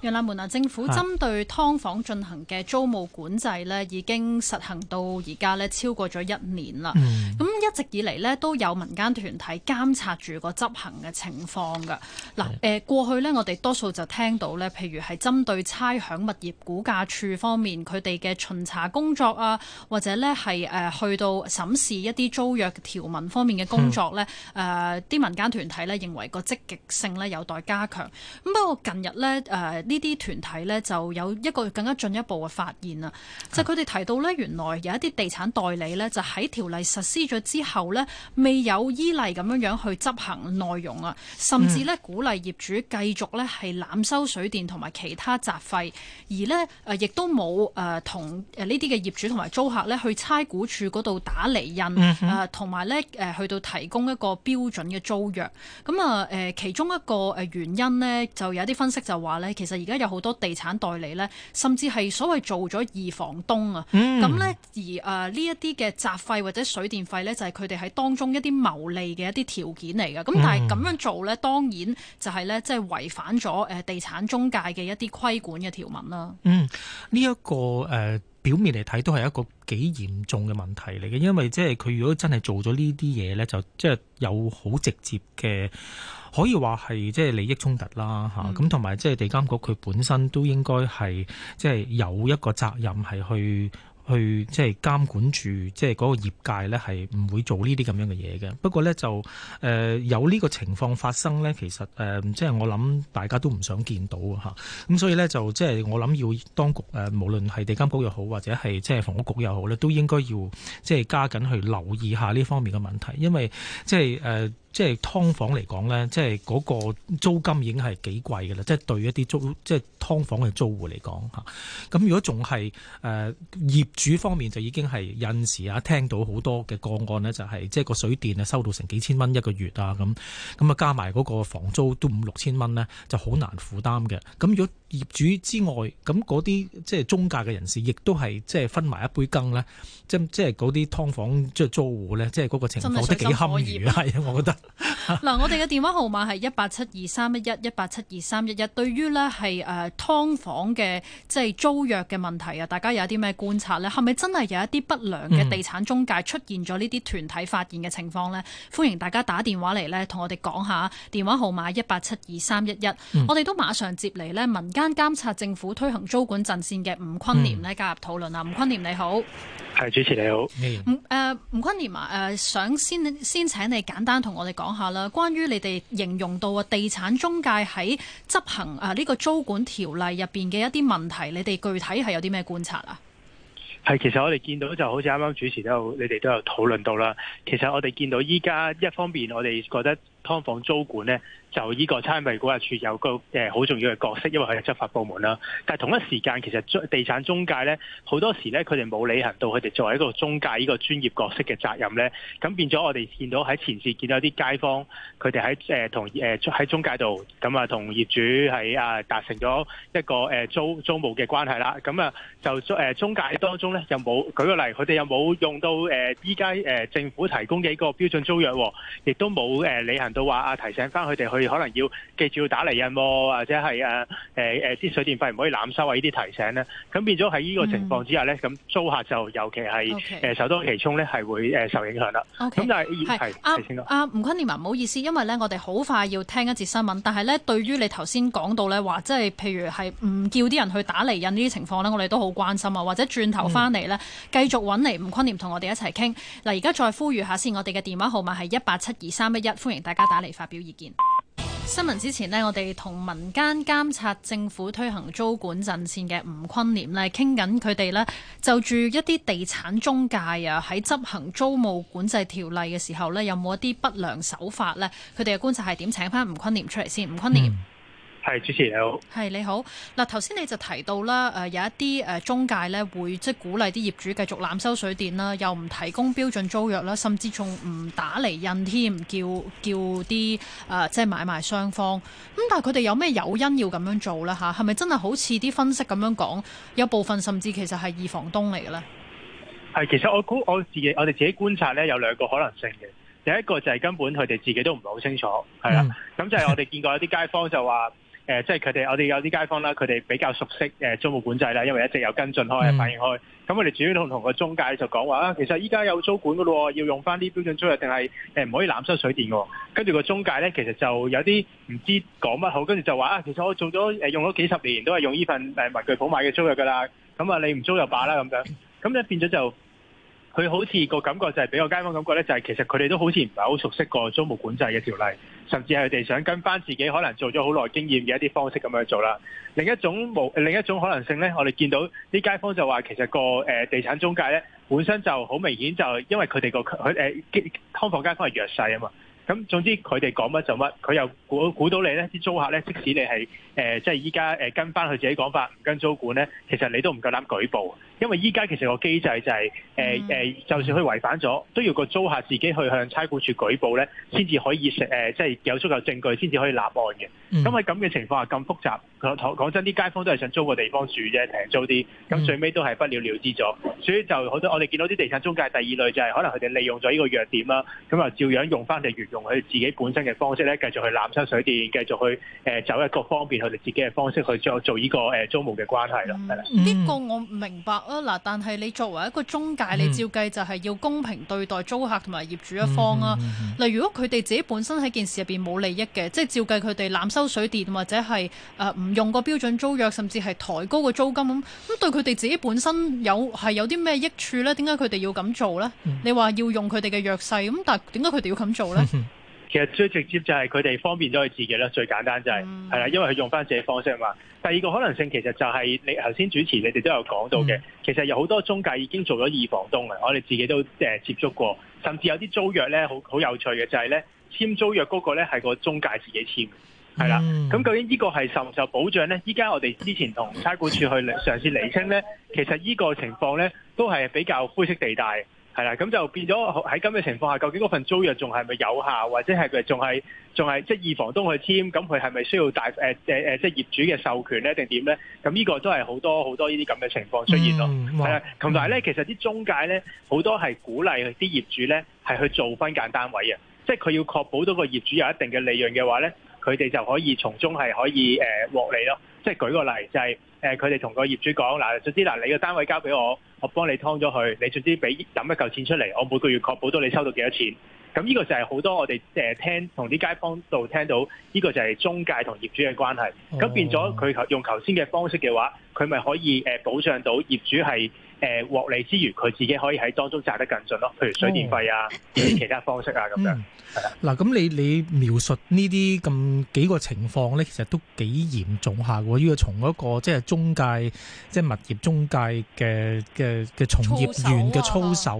原來梅啊，政府針對劏房進行嘅租務管制呢，已經實行到而家超過咗一年啦。咁一直以嚟呢，都有民間團體監察住個執行嘅情況嘅。嗱，過去呢，我哋多數就聽到呢，譬如係針對差餉物業估價處方面佢哋嘅巡查工作啊，或者呢係去到審視一啲租約條文方面嘅工作呢，誒啲民間團體呢認為個積極性呢有待加強。咁不過近日呢。誒。呢啲團體咧就有一個更加進一步嘅發現啦，就係佢哋提到咧，原來有一啲地產代理咧就喺條例實施咗之後咧，未有依例咁樣樣去執行內容啊，甚至咧鼓勵業主繼續咧係濫收水電同埋其他雜費，而咧誒亦都冇誒同誒呢啲嘅業主同埋租客咧去差估署嗰度打釐印啊，同埋咧誒去到提供一個標準嘅租約，咁啊誒其中一個誒原因咧就有啲分析就話咧其實。而家有好多地產代理咧，甚至係所謂做咗二房東啊，咁、嗯、呢，而誒呢一啲嘅雜費或者水電費呢就係佢哋喺當中一啲牟利嘅一啲條件嚟嘅。咁、嗯、但係咁樣做呢，當然就係呢，即係違反咗誒地產中介嘅一啲規管嘅條文啦。嗯，呢、呢個、一個誒表面嚟睇都係一個幾嚴重嘅問題嚟嘅，因為即係佢如果真係做咗呢啲嘢呢，就即係有好直接嘅。可以話係即係利益衝突啦嚇，咁同埋即係地監局佢本身都應該係即係有一個責任係去去即係監管住即係嗰個業界咧，係唔會做呢啲咁樣嘅嘢嘅。不過咧就誒有呢個情況發生咧，其實誒即係我諗大家都唔想見到嚇，咁所以咧就即係我諗要當局誒，無論係地監局又好，或者係即係房屋局又好咧，都應該要即係加緊去留意下呢方面嘅問題，因為即係誒。即係劏房嚟講呢，即係嗰個租金已經係幾貴㗎啦。即係對一啲租即係劏房嘅租戶嚟講嚇，咁如果仲係誒業主方面就已經係有陣時啊聽到好多嘅個案呢，就係即係個水電啊收到成幾千蚊一個月啊咁，咁啊加埋嗰個房租都五六千蚊呢，就好難負擔嘅。咁如果業主之外，咁嗰啲即係中介嘅人士，亦都係即係分埋一杯羹咧。即即係嗰啲劏房即租戶呢，即係嗰個情況都幾堪憂， 我覺得 嗱， 我哋嘅電話號碼係一八七二三一一一八七二三一一。對於呢係誒劏房嘅即係租約嘅問題啊，大家有啲咩觀察呢？係咪真係有一啲不良嘅地產中介出現咗呢啲團體發現嘅情況呢？嗯、歡迎大家打電話嚟呢，同我哋講下。電話號碼一八七二三一一，嗯、我哋都馬上接嚟呢問。間監察政府推行租管陣線嘅吳堃廉咧加入討論啊，吳、嗯、堃廉你好，係主持你好，嗯，誒、呃，吳堃廉啊，誒、呃，想先先請你簡單同我哋講下啦，關於你哋形容到啊，地產中介喺執行誒呢、啊這個租管條例入邊嘅一啲問題，你哋具體係有啲咩觀察啊？係，其實我哋見到就好似啱啱主持都有，你哋都有討論到啦。其實我哋見到依家一方面，我哋覺得。劏房租管呢，就呢個差違股啊處有個誒好重要嘅角色，因為佢係執法部門啦。但係同一時間，其實地產中介呢，好多時呢，佢哋冇履行到佢哋作為一個中介呢個專業角色嘅責任呢。咁變咗我哋見到喺前線見到啲街坊佢哋喺誒同誒喺中介度咁啊，同業主喺啊達成咗一個誒租租務嘅關係啦。咁啊就中中介當中呢，又冇舉個例，佢哋有冇用到誒依家誒政府提供嘅一個標準租約，亦都冇誒履行。就話啊，提醒翻佢哋去，可能要記住要打嚟印，或者係啊誒誒，啲、呃、水電費唔可以濫收啊！呢啲提醒咧，咁變咗喺呢個情況之下咧，咁、嗯、租客就尤其係誒首當其沖咧，係會誒受影響啦。咁、okay. 但係係啊啊吳堃廉啊，唔、啊啊、好意思，因為咧我哋好快要聽一節新聞，但係咧對於你頭先講到咧話，即係譬如係唔叫啲人去打嚟印呢啲情況咧，我哋都好關心啊。或者轉頭翻嚟咧，繼續揾嚟吳堃廉同我哋一齊傾嗱。而家再呼籲下先，我哋嘅電話號碼係一八七二三一一，歡迎大。大家打嚟發表意見。新聞之前呢，我哋同民間監察政府推行租管陣線嘅吳堃廉呢傾緊，佢哋呢就住一啲地產中介啊喺執行租務管制條例嘅時候呢有冇一啲不良手法呢？佢哋嘅觀察係點？請翻吳堃廉出嚟先，吳堃廉。係主持好是你好，係你好。嗱，頭先你就提到啦，誒、呃、有一啲誒、呃、中介咧，會即係鼓勵啲業主繼續濫收水電啦，又唔提供標準租約啦，甚至仲唔打厘印添，叫叫啲誒、呃、即係買賣雙方。咁但係佢哋有咩誘因要咁樣做咧？嚇，係咪真係好似啲分析咁樣講？有部分甚至其實係二房東嚟嘅咧。係，其實我估我自己，我哋自己觀察咧，有兩個可能性嘅。第一個就係根本佢哋自己都唔係好清楚，係啦。咁、嗯、就係我哋見過有啲街坊就話。 誒、呃，即係佢哋，我哋有啲街坊啦，佢哋比較熟悉租務、呃、管制啦，因為一直有跟進開，反映開。咁我哋主要同同個中介就講話啊，其實依家有租管噶咯，要用翻啲標準租約，定係唔可以濫收水電喎、啊。跟住個中介咧，其實就有啲唔知講乜好，跟住就話啊，其實我做咗、呃、用咗幾十年，都係用呢份誒文具鋪買嘅租約噶啦。咁啊，你唔租就罷啦咁樣。咁咧變咗就。佢好似個感覺就係、是、畀個街坊感覺咧，就係其實佢哋都好似唔係好熟悉個租務管制嘅條例，甚至係佢哋想跟翻自己可能做咗好耐經驗嘅一啲方式咁樣做啦。另一種冇，另一種可能性咧，我哋見到啲街坊就話，其實個地產中介咧本身就好明顯，就因為佢哋個劏房街坊係弱勢啊嘛。咁總之佢哋講乜就乜，佢又估估到你咧啲租客咧，即使你係即係依家跟翻佢自己講法唔跟租管咧，其實你都唔夠膽舉報。因為依家其實個機制就係誒誒，就算佢違反咗，都要個租客自己去向差館處舉報咧，先至可以、呃、即係有足夠證據，先至可以立案嘅。咁喺咁嘅情況下咁複雜，講真，啲街坊都係想租個地方住啫，平租啲。咁最尾都係不了了之咗，所以就好多我哋見到啲地產中介第二類就係、是、可能佢哋利用咗呢個弱點啦，咁啊照樣用翻嚟沿用佢自己本身嘅方式咧，繼續去濫收水電，繼續去、呃、走一個方便佢哋自己嘅方式去做呢個租務嘅關係啦。呢、嗯這個我唔明白。嗱！但係你作為一個中介，你照計就係要公平對待租客同埋業主一方啊。例如、嗯嗯嗯、如果佢哋自己本身喺件事入邊冇利益嘅，即係照計佢哋濫收水電或者係誒唔用個標準租約，甚至係抬高個租金咁，咁對佢哋自己本身有係有啲咩益處呢？點解佢哋要咁做呢？你話要用佢哋嘅弱勢咁，但點解佢哋要咁做呢？嗯嗯嗯嗯其實最直接就係佢哋方便咗佢自己啦，最簡單就係係啦，因為佢用翻自己的方式啊嘛。第二個可能性其實就係你頭先主持你哋都有講到嘅、嗯，其實有好多中介已經做咗二房東啦，我哋自己都誒、呃、接觸過，甚至有啲租約呢，好好有趣嘅，就係、是、呢，簽租約嗰個咧係個中介自己簽的，係、嗯、啦。咁究竟呢個係受唔受保障呢？依家我哋之前同差管處去嘗試釐清呢，其實呢個情況呢，都係比較灰色地帶。係啦，咁就變咗喺咁嘅情況下，究竟嗰份租約仲係咪有效，或者係佢仲係仲係即係二房東去簽，咁佢係咪需要大、呃呃、即係業主嘅授權咧，定點咧？咁呢個都係好多好多呢啲咁嘅情況出現咯，係、嗯、啦，同埋咧，其實啲中介咧好多係鼓勵啲業主咧係去做分間單位嘅，即係佢要確保到個業主有一定嘅利潤嘅話咧，佢哋就可以從中係可以誒、呃、獲利咯。即係舉個例就係、是，誒佢哋同個業主講嗱、啊，總之嗱、啊、你個單位交俾我，我幫你劏咗佢，你總之俾抌一嚿錢出嚟，我每個月確保到你收到幾多錢。咁呢個就係好多我哋誒、呃、聽同啲街坊度聽到，呢、這個就係中介同業主嘅關係。咁變咗佢用頭先嘅方式嘅話，佢咪可以誒、呃、保障到業主係。誒獲利之餘，佢自己可以喺當中賺得更盡咯。譬如水電費啊，嗯、其他方式啊，咁、嗯、樣。嗱咁、嗯、你你描述呢啲咁幾個情況咧，其實都幾嚴重下喎。要從一個即係中介，即係物業中介嘅嘅嘅從業員嘅操守、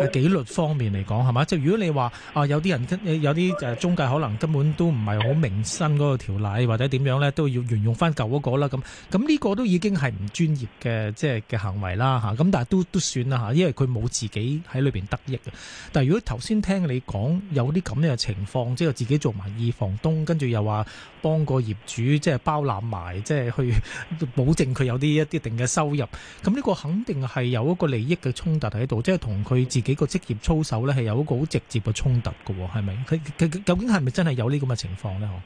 嘅紀律方面嚟講，係嘛？即係如果你話啊，有啲人有啲誒中介可能根本都唔係好明新嗰個條例，或者點樣咧，都要沿用翻舊嗰個啦。咁咁呢個都已經係唔專業嘅，即係嘅行為啦。咁但係都都算啦，吓，因為佢冇自己喺裏邊得益嘅。但係如果頭先聽你講有啲咁樣嘅情況，即係自己做埋二房東，跟住又話幫個業主即係包攬埋，即係去保證佢有啲一啲定嘅收入，咁呢個肯定係有一個利益嘅衝突喺度，即係同佢自己個職業操守呢係有一個好直接嘅衝突喎。係咪？佢究竟係咪真係有呢咁嘅情況呢？嗬？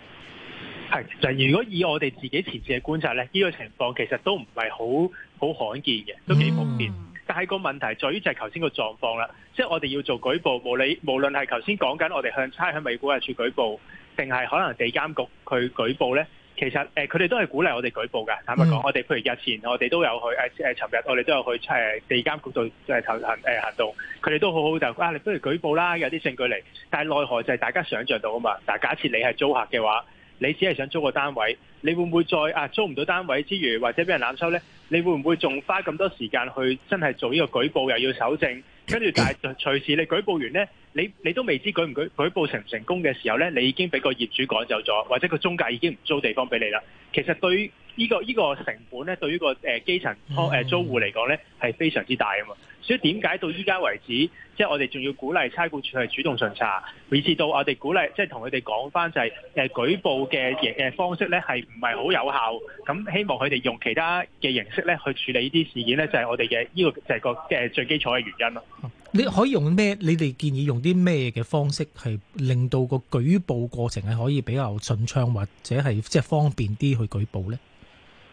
係，就如果以我哋自己前次嘅觀察咧，呢、呢個情況其實都唔係好好罕見嘅，都幾普遍。Mm. 但係個問題在於就係頭先個狀況啦，即係我哋要做舉報，無理無論係頭先講緊我哋向差餉物業估價署舉報，定係可能地監局去舉報咧，其實誒佢哋都係鼓勵我哋舉報㗎。坦白講，mm. 我哋譬如日前我哋都有去誒誒，尋、呃、日我哋都有去誒、呃、地監局度誒投行誒行動，佢、呃、哋都好好就啊，你不如舉報啦，有啲證據嚟。但係奈何就係大家想像到啊嘛，嗱，假設你係租客嘅話。你只係想租個單位，你會唔會再啊租唔到單位之餘，或者俾人濫收呢？你會唔會仲花咁多時間去真係做呢個舉報，又要守證，跟住但係隨時你舉報完呢？你你都未知舉唔舉舉報成唔成功嘅時候咧，你已經俾個業主趕走咗，或者個中介已經唔租地方俾你啦。其實對呢、呢個呢、呢個成本咧，對呢、呢個誒、呃、基層、呃、租誒租戶嚟講咧，係非常之大㗎嘛。所以點解到依家為止，即係我哋仲要鼓勵差館處去主動巡查，以致到我哋鼓勵即係同佢哋講翻就係、是、誒、呃、舉報嘅形嘅方式咧，係唔係好有效？咁希望佢哋用其他嘅形式咧去處理呢啲事件咧，就係、是、我哋嘅呢個就係個誒、呃、最基礎嘅原因咯。你可以用咩？你哋建議用啲咩嘅方式係令到個舉報過程係可以比較順暢，或者係即係方便啲去舉報呢？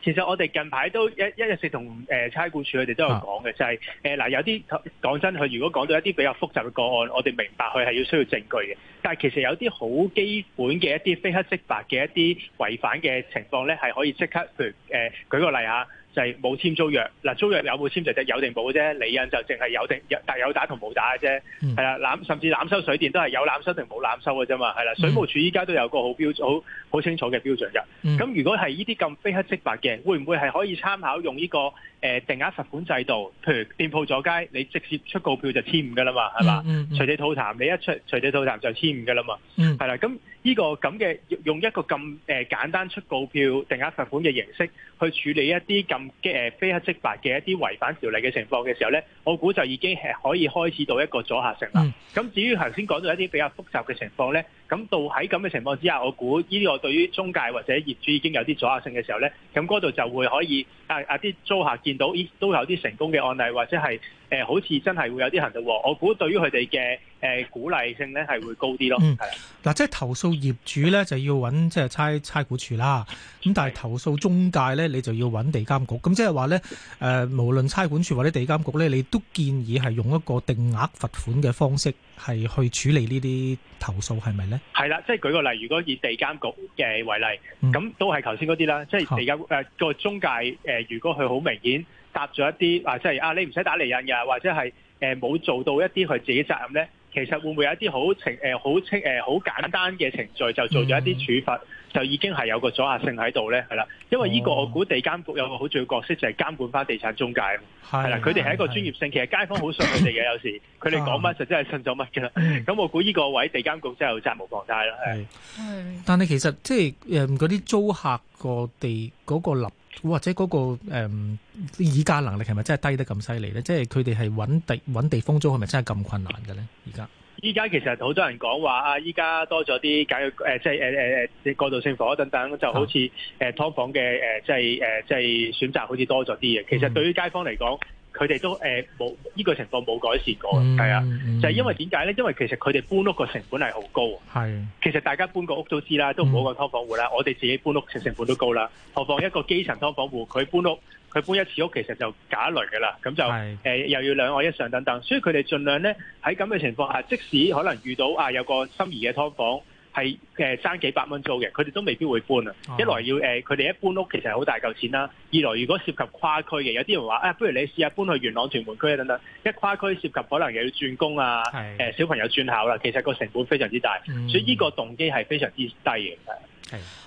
其實我哋近排都一一日四同誒差估署佢哋都有講嘅，就係誒嗱有啲講真的，佢如果講到一啲比較複雜嘅個案，我哋明白佢係要需要證據嘅。但係其實有啲好基本嘅一啲非黑即白嘅一啲違反嘅情況呢，係可以即刻，譬如誒、呃、舉個例啊。就係、是、冇簽租約，嗱租約有冇簽就係有定冇嘅啫，理印就淨係有定有打有打同冇打嘅啫，係、嗯、啦，攬甚至攬收水電都係有攬收定冇攬收嘅啫嘛，係啦，水務署依家都有個好標準好好清楚嘅標準嘅，咁、嗯、如果係呢啲咁非黑即白嘅，會唔會係可以參考用呢、這個？誒、呃、定額罰款制度，譬如店鋪阻街，你直接出告票就千五噶啦嘛，係、嗯、嘛？隨、嗯嗯、地吐痰，你一出隨地吐痰就千五噶啦嘛，係、嗯、啦。咁呢、這個咁嘅用一個咁誒、呃、簡單出告票定額罰款嘅形式去處理一啲咁嘅非黑即白嘅一啲違反條例嘅情況嘅時候咧，我估就已經係可以開始到一個阻嚇性啦。咁、嗯、至於頭先講到一啲比較複雜嘅情況咧。咁到喺咁嘅情況之下，我估呢啲我對於中介或者業主已經有啲阻嚇性嘅時候咧，咁嗰度就會可以啊啊啲租客見到，咦都有啲成功嘅案例，或者係、呃、好似真係會有啲行動。我估對於佢哋嘅。誒、呃、鼓勵性咧係會高啲咯。嗯，係啦。嗱、啊，即係投訴業主咧就要揾即係差差股處啦。咁但係投訴中介咧，你就要揾地監局。咁即係話咧，誒、呃、無論差管處或者地監局咧，你都建議係用一個定額罰款嘅方式係去處理呢啲投訴，係咪咧？係啦，即係舉個例，如果以地監局嘅為例，咁、嗯、都係頭先嗰啲啦。嗯、即係地監誒、呃那個中介、呃、如果佢好明顯答咗一啲，啊即係啊你唔使打釐印嘅，或者係冇、啊呃、做到一啲佢自己責任咧。其實會唔會有一啲好程誒好清誒好、呃、簡單嘅程序就做咗一啲處罰、嗯，就已經係有個阻嚇性喺度咧？係啦，因為依個我估地監局有個好重要嘅角色，就係監管翻地產中介啊，係、哦、啦，佢哋係一個專業性，其實街坊好信佢哋嘅有時，佢哋講乜就真係信咗乜噶啦。咁、哦、我估依個位、嗯、地監局真係有責無旁貸啦。係，但係其實即係誒嗰啲租客個地、嗰個地嗰個臨。或者嗰個誒議價能力係咪真係低得咁犀利咧？即係佢哋係揾地揾地租，係咪真係咁困難嘅咧？而家而家其實好多人講話啊，依家多咗啲、呃、即係誒誒誒過渡性房等等，就好似誒、啊呃、劏房嘅誒、呃，即係誒、呃、即係選擇好似多咗啲嘅，其實對於街坊嚟講，嗯佢哋都誒冇呢個情況冇改善過，係、嗯、啊，就係、是、因為點解咧？因為其實佢哋搬屋個成本係好高啊。其實大家搬個屋都知啦，都唔好個劏房戶啦、嗯。我哋自己搬屋成成本都高啦，何況一個基層劏房戶，佢搬屋，佢搬一次屋其實就假一輪嘅啦。咁就誒、呃、又要兩岸一上等等，所以佢哋儘量咧喺咁嘅情況下，即使可能遇到啊有個心儀嘅劏房。係誒爭幾百蚊租嘅，佢哋都未必會搬啊！一來要誒，佢、呃、哋一搬屋其實好大嚿錢啦；二來如果涉及跨區嘅，有啲人話啊，不如你試下搬去元朗屯門區啊等等，一跨區涉及可能又要轉工啊、呃，小朋友轉校啦，其實個成本非常之大，所以呢個動機係非常之低嘅。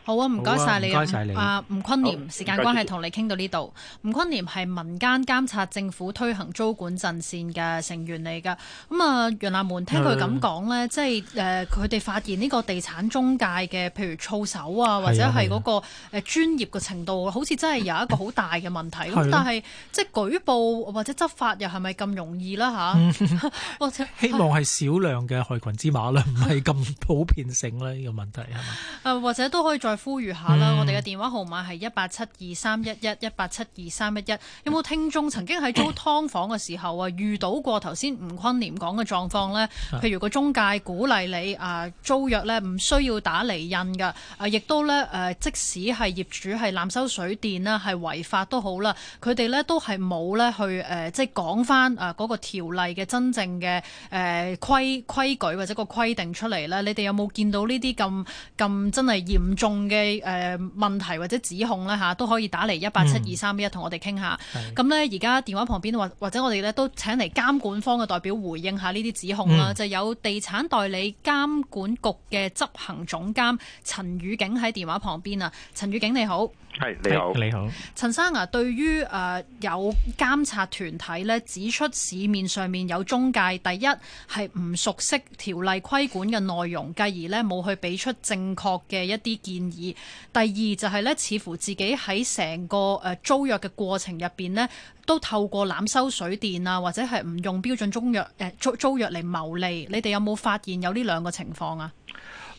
好啊，唔該晒你，謝謝你啊，啊吳堃廉，時間關係同你傾到呢度。吳堃廉係民間監察政府推行租管陣線嘅成員嚟㗎。咁、嗯、啊，楊立門聽佢咁講咧，即係誒佢哋發現呢個地產中介嘅，譬如操守啊，或者係嗰個誒專業嘅程度，啊啊、好似真係有一個好大嘅問題。咁、 啊、但係即係舉報或者執法又係咪咁容易啦？嚇、啊，或、嗯、者 希望係少量嘅害群之馬啦，唔係咁普遍性咧呢 個問題係嘛？啊，或者。都可以再呼籲下啦、嗯，我哋嘅電話號碼係一八七二三一一一八七二三一一。有冇聽眾曾經喺租劏房嘅時候啊，遇到過頭先吳堃廉講嘅狀況呢？譬如個中介鼓勵你啊租約呢，唔需要打離印㗎。啊亦都呢，啊、即使係業主係濫收水電啦，係違法都好啦，佢哋呢，都係冇呢去、呃、即係講返啊嗰個條例嘅真正嘅、呃、規規矩或者個規定出嚟呢。你哋有冇見到呢啲咁咁真係嚴？嚴重嘅誒、呃、問題或者指控咧嚇都可以打嚟、嗯、一八七二三一，同我哋傾下。咁咧而家電話旁邊或或者我哋咧都請嚟監管方嘅代表回應下呢啲指控啦、嗯。就有地產代理監管局嘅執行總監陳汝儆喺電話旁邊啊，陳汝儆你好。係、hey, 你好，你好，陳生啊！對於誒有監察團體咧指出市面上面有中介，第一係唔熟悉條例規管嘅內容，繼而咧冇去畀出正確嘅一啲建議；第二就係咧，似乎自己喺成個誒租約嘅過程入邊咧，都透過濫收水電啊，或者係唔用標準租約誒租租約嚟牟利。你哋有冇發現有呢兩個情況啊？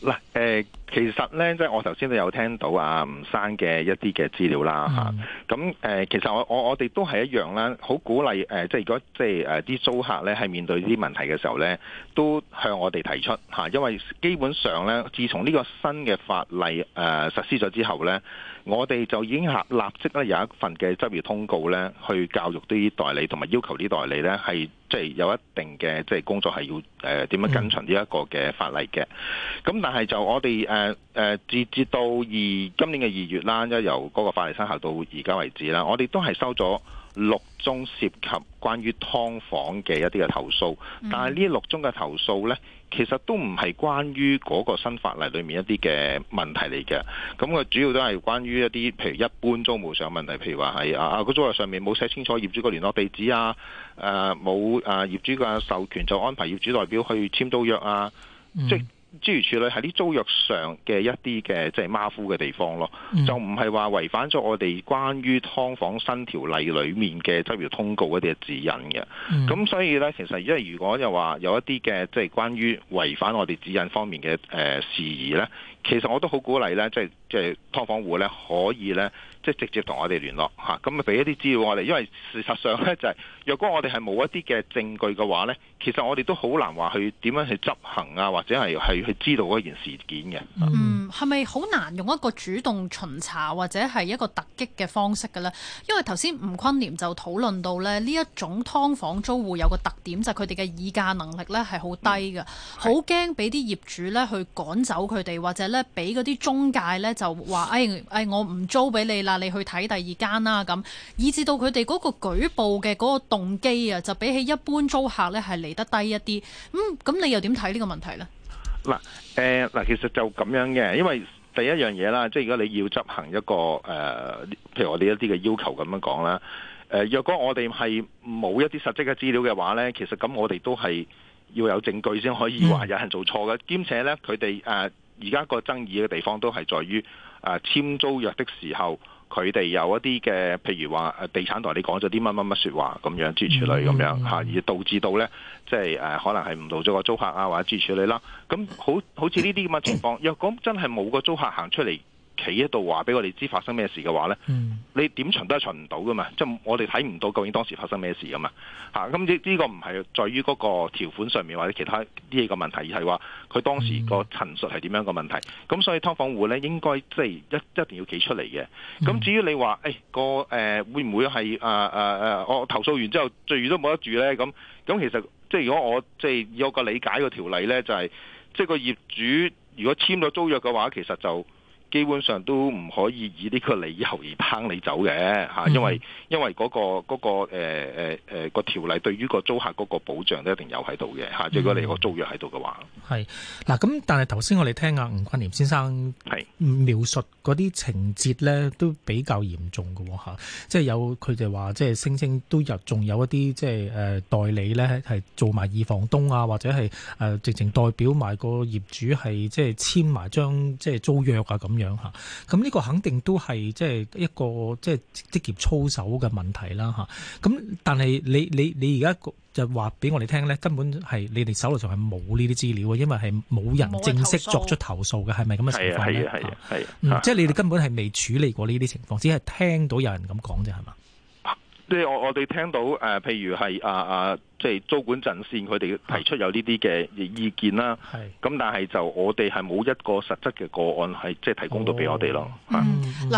嗱，誒，其實咧，即係我頭先都有聽到阿吳生嘅一啲嘅資料啦嚇，咁誒，其實我我我哋都係一樣啦，好鼓勵誒，即係如果即係誒啲租客咧，係面對呢啲問題嘅時候咧，都向我哋提出嚇，因為基本上咧，自從呢個新嘅法例誒實施咗之後咧。我哋就已經立即咧有一份嘅執業通告咧，去教育啲代理同埋要求啲代理咧，係即係有一定嘅即係工作係要誒點樣跟隨呢一個嘅法例嘅。咁、嗯、但係就我哋誒誒，直至到二今年嘅二月啦，一由嗰個法例生效到而家為止啦，我哋都係收咗六宗涉及關於劏房嘅一啲嘅投訴，但係呢六宗嘅投訴呢，其實都唔係關於嗰個新法例裏面一啲嘅問題嚟嘅。咁佢主要都係關於一啲譬如一般租務上的問題，譬如話係啊啊、嗰個租約上面冇寫清楚業主嘅聯絡地址啊，誒冇誒業主嘅授權就安排業主代表去簽租約啊，即、嗯諸如處理喺啲租約上嘅一啲嘅即係馬虎嘅地方咯，就唔係話違反咗我哋關於劏房新條例裏面嘅執業通告一啲指引嘅。咁所以呢，其實因為如果又話有一啲嘅即係關於違反我哋指引方面嘅誒、呃、事宜呢。其實我都好鼓勵咧，即係即係劏房戶咧，可以咧，即係直接同我哋聯絡嚇，咁啊俾一啲資料我哋。因為事實上咧、就係，就係若果我哋係冇一啲嘅證據嘅話咧，其實我哋都好難話去點樣去執行啊，或者係係去知道嗰件事件嘅。嗯，係咪好難用一個主動巡查或者係一個突擊嘅方式嘅咧？因為頭先吳堃廉就討論到咧，呢一種劏房租戶有個特點就係佢哋嘅議價能力咧係好低嘅，好驚俾啲業主咧去趕走佢哋或者咧俾嗰啲中介咧就話誒誒我唔租俾你啦，你去睇第二間啦咁，以至到佢哋嗰個舉報嘅嗰個動機啊，就比起一般租客咧係嚟得低一啲。咁、嗯、咁你又點睇呢個問題咧？嗱誒嗱，其實就咁樣嘅，因為第一樣嘢啦，即係如果你要執行一個誒、呃，譬如我哋一啲嘅要求咁樣講啦。誒、呃，若果我哋係冇一啲實質嘅資料嘅話咧，其實咁我哋都係要有證據先可以話有人做錯嘅，兼、嗯、且咧佢哋誒。而家個爭議嘅地方都係在於，誒、啊、簽租約的時候，佢哋有一啲嘅，譬如話誒地產代理講咗啲乜乜乜説話咁樣，諸如此類咁樣嚇、啊，而導致到咧，即係誒可能係誤導咗個租客啊，或者諸如此類啦。咁好好似呢啲咁嘅情況， 若果真係冇個租客行出嚟，企喺度話俾我哋知發生咩事嘅話呢、嗯，你點巡都係巡唔到噶嘛，即、就、係、是、我哋睇唔到究竟當時發生咩事噶嘛吓，咁呢呢個唔係在於嗰個條款上面或者其他啲嘢嘅問題，而係話佢當時個陳述係點樣嘅問題。咁、嗯、所以劏房戶呢應該即係、就是、一一定要企出嚟嘅。咁至於你話誒、哎、個誒、呃、會唔會係誒誒我投訴完之後最遠都冇得住呢。咁咁，其實即係如果我即係有個理解個條例呢，就係、是、即係個業主如果簽咗租約嘅話，其實就基本上都唔可以以呢個理由而拏你走嘅吓。因為、mm -hmm. 因為嗰、個嗰、個誒誒誒個條例對於個租客嗰個保障都一定有喺度嘅嚇，mm -hmm. 如果你個租約喺度嘅話，係嗱咁。但係頭先我哋聽阿吳堃廉先生係描述嗰啲情節咧，都比較嚴重嘅吓，即係有佢哋話，即係聲稱都入，仲有一啲即係誒、呃、代理咧係做埋二房東啊，或者係誒直情代表埋個業主係即係簽埋張即係租約啊咁樣。吓，咁呢個肯定都係即係一個即係職業操守嘅問題啦吓。咁但係你你你而家就話俾我哋聽咧，根本係你哋手頭上係冇呢啲資料，因為係冇人正式作出投訴嘅，係咪咁嘅情況？係係係，即係你哋根本係未處理過呢啲情況，只係聽到有人咁講啫，係嘛？即係我我哋聽到誒、呃，譬如係啊啊。呃即係租管陣線佢哋提出有呢啲嘅意見啦。咁但係就我哋係冇一個實質嘅個案係即係提供到俾我哋咯。嗱、哦，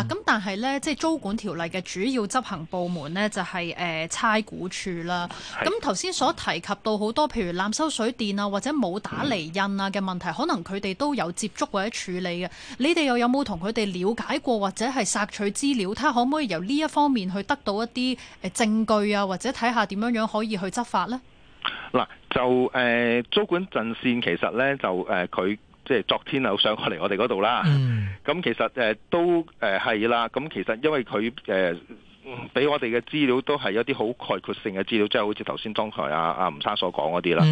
咁、嗯、但係咧，即係租管條例嘅主要執行部門咧、就是，就係誒差估處啦。咁頭先所提及到好多，譬如濫收水電啊，或者冇打離印啊嘅問題，可能佢哋都有接觸或者處理嘅。你哋又有冇同佢哋了解過或者係索取資料？睇下可唔可以由呢一方面去得到一啲誒證據啊？或者睇下點樣樣可以去執法？嗱，就誒、呃，租管陣線其實咧，就誒，佢即係昨天有上過嚟我哋嗰度啦。咁、mm. 其實誒、呃、都誒係、呃、啦。咁其實因為佢誒，俾、呃、我哋嘅資料都係一啲好概括性嘅資料，即係好似頭、啊啊、先剛才啊阿吳生所講嗰啲啦。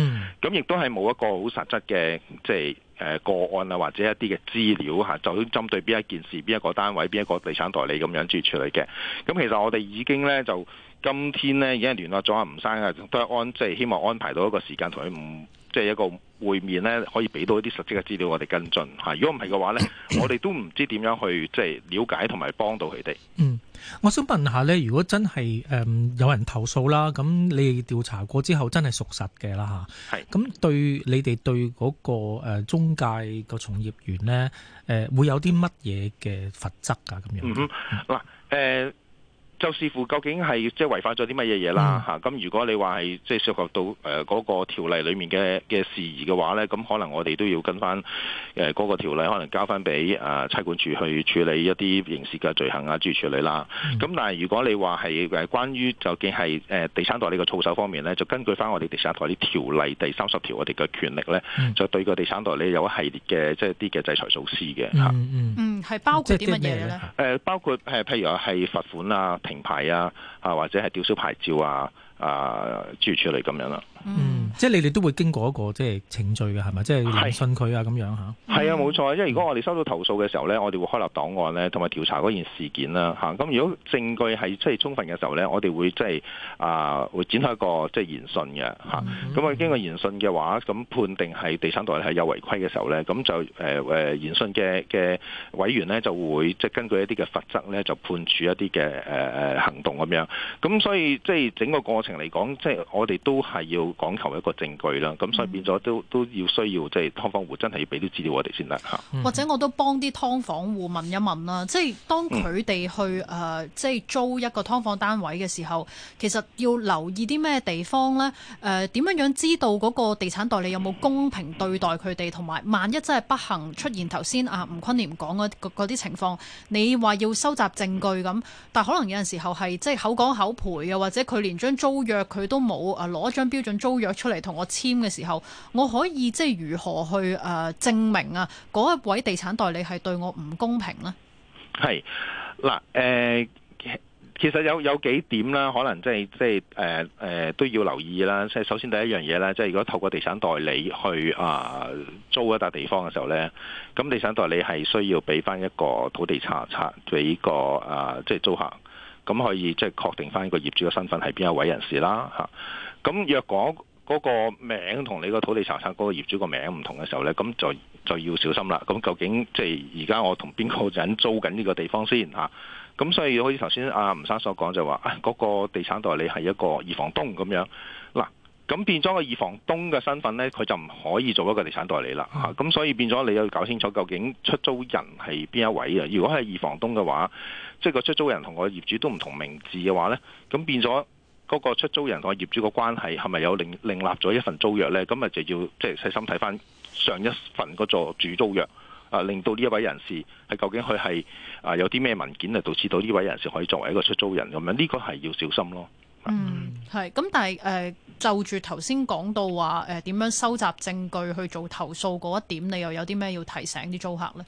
咁、mm. 亦都係冇一個好實質嘅即係。就是誒個案啊，或者一啲嘅資料嚇，就針對邊一件事，邊一個單位，邊一個地產代理咁樣去處理嘅。咁其實我哋已經咧，就今天咧已經聯絡咗阿吳生啊，都係安，即係希望安排到一個時間同佢唔。即係一個會面咧，可以俾到一啲實際嘅資料的，我哋跟進吓。如果唔係嘅話咧，我哋都唔知點樣去即係了解同埋幫到佢哋。嗯，我想問一下咧，如果真係誒有人投訴啦，咁你調查過之後真係屬實嘅啦吓。係咁，對你哋對嗰個誒中介個從業員咧，誒、呃、會有啲乜嘢嘅罰則啊？咁、嗯、樣。嗱、呃，誒、嗯。就視乎究竟係即係違反咗啲乜嘢嘢啦嚇，咁、嗯、如果你話係即係涉及到誒嗰個條例裏面嘅嘅事宜嘅話咧，咁可能我哋都要跟翻誒嗰個條例，可能交翻俾誒差管處去處理一啲刑事嘅罪行啊，諸處理啦。咁、嗯、但係如果你話係關於究竟係誒地產代理嘅操守方面咧，就根據翻我哋地產代理條例第三十條我哋嘅權力咧、嗯，就對個地產代理有一系列嘅即係啲嘅制裁措施嘅嚇。嗯嗯係、嗯、包括啲乜嘢咧？誒，包括誒，譬如係罰款啊。停牌啊，啊或者係吊銷牌照啊。啊，處處理咁樣啦，mm. 嗯，即係你哋都會經過一個即係程序嘅，係咪？即係聆訊佢啊，咁樣吓。係、mm. 啊，冇錯。因為如果我哋收到投訴嘅時候咧，我哋會開立檔案咧，同埋調查嗰件事件啦，吓、啊。咁如果證據係即係充分嘅時候咧，我哋會即係啊，會展開一個即係聆訊嘅吓。咁啊，mm. 經過聆訊嘅話，咁判定係地產代理係有違規嘅時候咧，咁就誒誒、呃、聆訊嘅嘅委員咧就會即係根據一啲嘅法則咧，就判處一啲嘅誒誒行動咁樣。咁所以即係整個過。情嚟講，即係我哋都係要講求一個證據啦，咁所以變咗都都要需要即係劏房戶真係要俾啲資料我哋先啦吓，或者我都幫啲劏房戶問一問啦，即係當佢哋去誒、呃、即係租一個㓥房單位嘅時候，其實要留意啲咩地方咧？誒點樣樣知道嗰個地產代理有冇公平對待佢哋？同埋萬一真係不幸出現頭先啊吳堃廉講嗰嗰啲情況，你話要收集證據咁，但可能有陣時候係即係口講口賠啊，或者佢連張租租約佢都冇，誒，攞張標準租約出嚟同我簽嘅時候，我可以即係如何去誒證明啊嗰一位地產代理係對我唔公平呢？係嗱誒，其實有有幾點啦，可能即係即係誒誒都要留意啦。即係首先第一樣嘢咧，即係如果透過地產代理去啊租一笪地方嘅時候咧，咁地產代理係需要俾翻一個土地查冊，俾個誒即係租客。咁可以即係確定翻個業主嘅身份係邊一位人士啦吓。咁若果嗰個名同你個土地查冊嗰個業主個名唔同嘅時候呢，咁就就要小心啦。咁究竟即係而家我同邊個人租緊呢個地方先吓？咁所以好似頭先阿吳生所講就話嗰、嗰個地產代理係一個二房東咁樣嗱。咁變咗個二房東嘅身份咧，佢就唔可以做一個地產代理啦。嚇、嗯，咁所以變咗你要搞清楚究竟出租人係邊一位呀？如果係二房東嘅話，即係個出租人同個業主都唔同名字嘅話咧，咁變咗嗰個出租人同個業主嘅關係係咪有另另立咗一份租約咧？咁咪就要即係細心睇翻上一份嗰座主租約啊，令到呢一位人士係究竟佢係啊有啲咩文件啊導致到呢位人士可以作為一個出租人咁樣？呢個係要小心咯。嗯，係。咁、嗯、但係、呃就住頭先講到話誒點樣收集證據去做投訴嗰一點，你又有啲咩要提醒啲租客呢？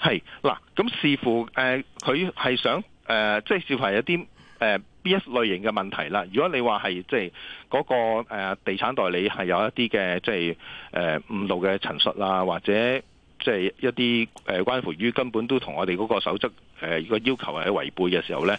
係嗱，咁視乎誒佢係想誒，即係視乎有啲誒邊一類型嘅問題啦。如果你話係即係嗰個地產代理係有一啲嘅即係誒誤導嘅陳述啦，或者即係一啲誒關乎於根本都同我哋嗰個守則誒個要求係違背嘅時候呢。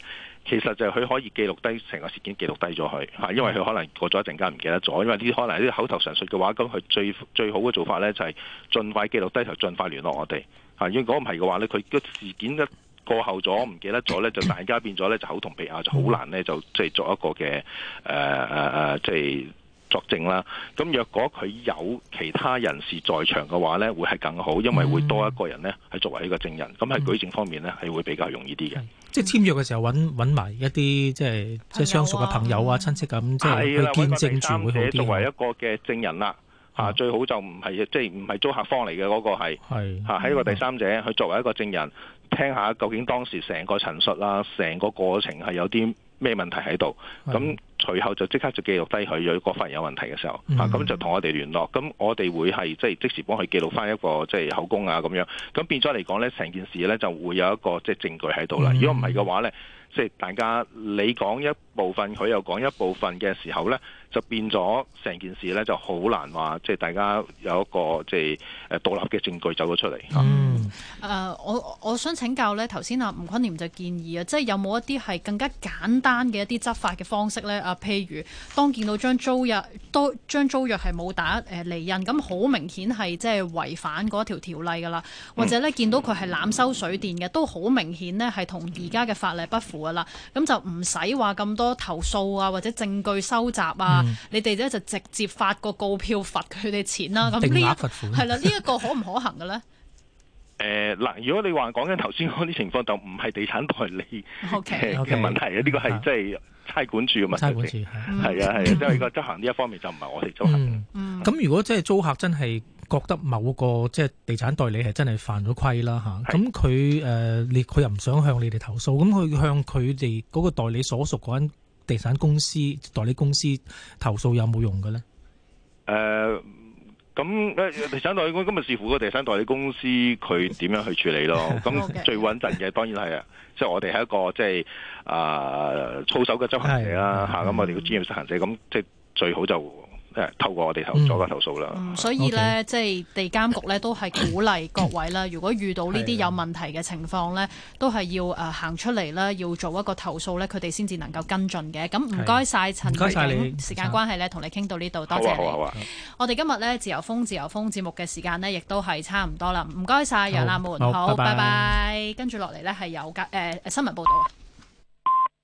其實就係佢可以記錄低成個事件，記錄低咗佢嚇，因為佢可能過咗一陣間唔記得咗，因為呢啲可能呢啲口頭陳述嘅話，咁佢最最好嘅做法呢，就係、是、儘快記錄低同儘快聯絡我哋嚇。如果唔係嘅話呢，佢個事件一過後咗唔記得咗呢，就大家變咗呢，就口同鼻啊，就好難呢，就即係作一個嘅誒誒即係。呃啊就係作證啦，咁若果佢有其他人士在場嘅話呢，會係更好，因為會多一個人呢，係作為一個證人，咁、嗯、喺舉證方面呢，係、嗯、會比較容易啲嘅。即係簽約嘅時候揾揾埋一啲即係即係相熟嘅朋友啊、友嗯、親戚咁，即係去見證住會好啲。作為一個嘅證人啦，嚇、嗯啊、最好就唔係即係唔係租客方嚟嘅嗰個係，係嚇喺一個第三者，佢作為一個證人，聽下究竟當時成個陳述啦、成個過程係有啲咩問題喺度咁。隨後就即刻就記錄低佢有個人有問題嘅時候，嚇、mm、咁 -hmm. 啊、就同我哋聯絡，咁我哋會係即係即時幫佢記錄翻一個即係口供啊，咁樣，咁變咗嚟講呢成件事呢，就會有一個即係證據喺度啦。Mm -hmm. 如果唔係嘅話呢即係、就是、大家你講一部分，佢又講一部分嘅時候呢，就變咗成件事呢就好難話即係大家有一個即係誒獨立嘅證據走咗出嚟。Mm -hmm. 啊誒、呃，我我想請教咧，頭先阿吳堃廉就建議啊，即係有冇一啲係更加簡單嘅一啲執法嘅方式咧？啊，譬如當見到張租約都張租約係冇打誒厘印，咁、呃、好明顯係即係違反嗰一條條例噶啦、嗯，或者咧見到佢係濫收水電嘅，都好明顯咧係同而家嘅法例不符噶啦，咁就唔使話咁多投訴啊，或者證據收集啊，嗯、你哋咧就直接發個告票罰佢哋錢啦、啊。定額罰款係啦，呢一個、 這個、可唔可行嘅咧？誒，嗱，如果你話講緊頭先嗰啲情況，就唔係地產代理嘅問題啊！呢個係即係差管處嘅問題。差管處係啊，啊。即係個執行呢一方面就唔係我哋執行。嗯，咁、嗯、如果即係租客真係覺得某個即係地產代理係真係犯咗規啦吓，咁佢誒，你佢又唔想向你哋投訴，咁佢向佢哋嗰個代理所屬嗰間地產公司、代理公司投訴有冇用嘅咧？誒、呃。咁誒，地產代理今日視乎個地產代理公司佢點樣去處理咯。咁最穩陣嘅當然係啊，即 係我哋係一個即係啊操守嘅執行者啦吓，咁我哋個專業執行者咁，即 係最好就。誒，透過我哋投咗個投訴啦，嗯嗯。所以咧，okay. 即係地監局咧，都係鼓勵各位啦。如果遇到呢啲有問題嘅情況咧， 都係要、呃、行出嚟啦，要做一個投訴咧，佢哋先至能夠跟進嘅。咁唔該晒陳。唔該曬你。時間關係咧，同你傾到呢度，多謝好啊謝謝好，啊好，啊好啊我哋今日咧自由風自由風節目嘅時間呢，亦都係差唔多啦。唔該晒，楊立門好，拜拜。跟住落嚟咧，係有嘅、呃、新聞報導。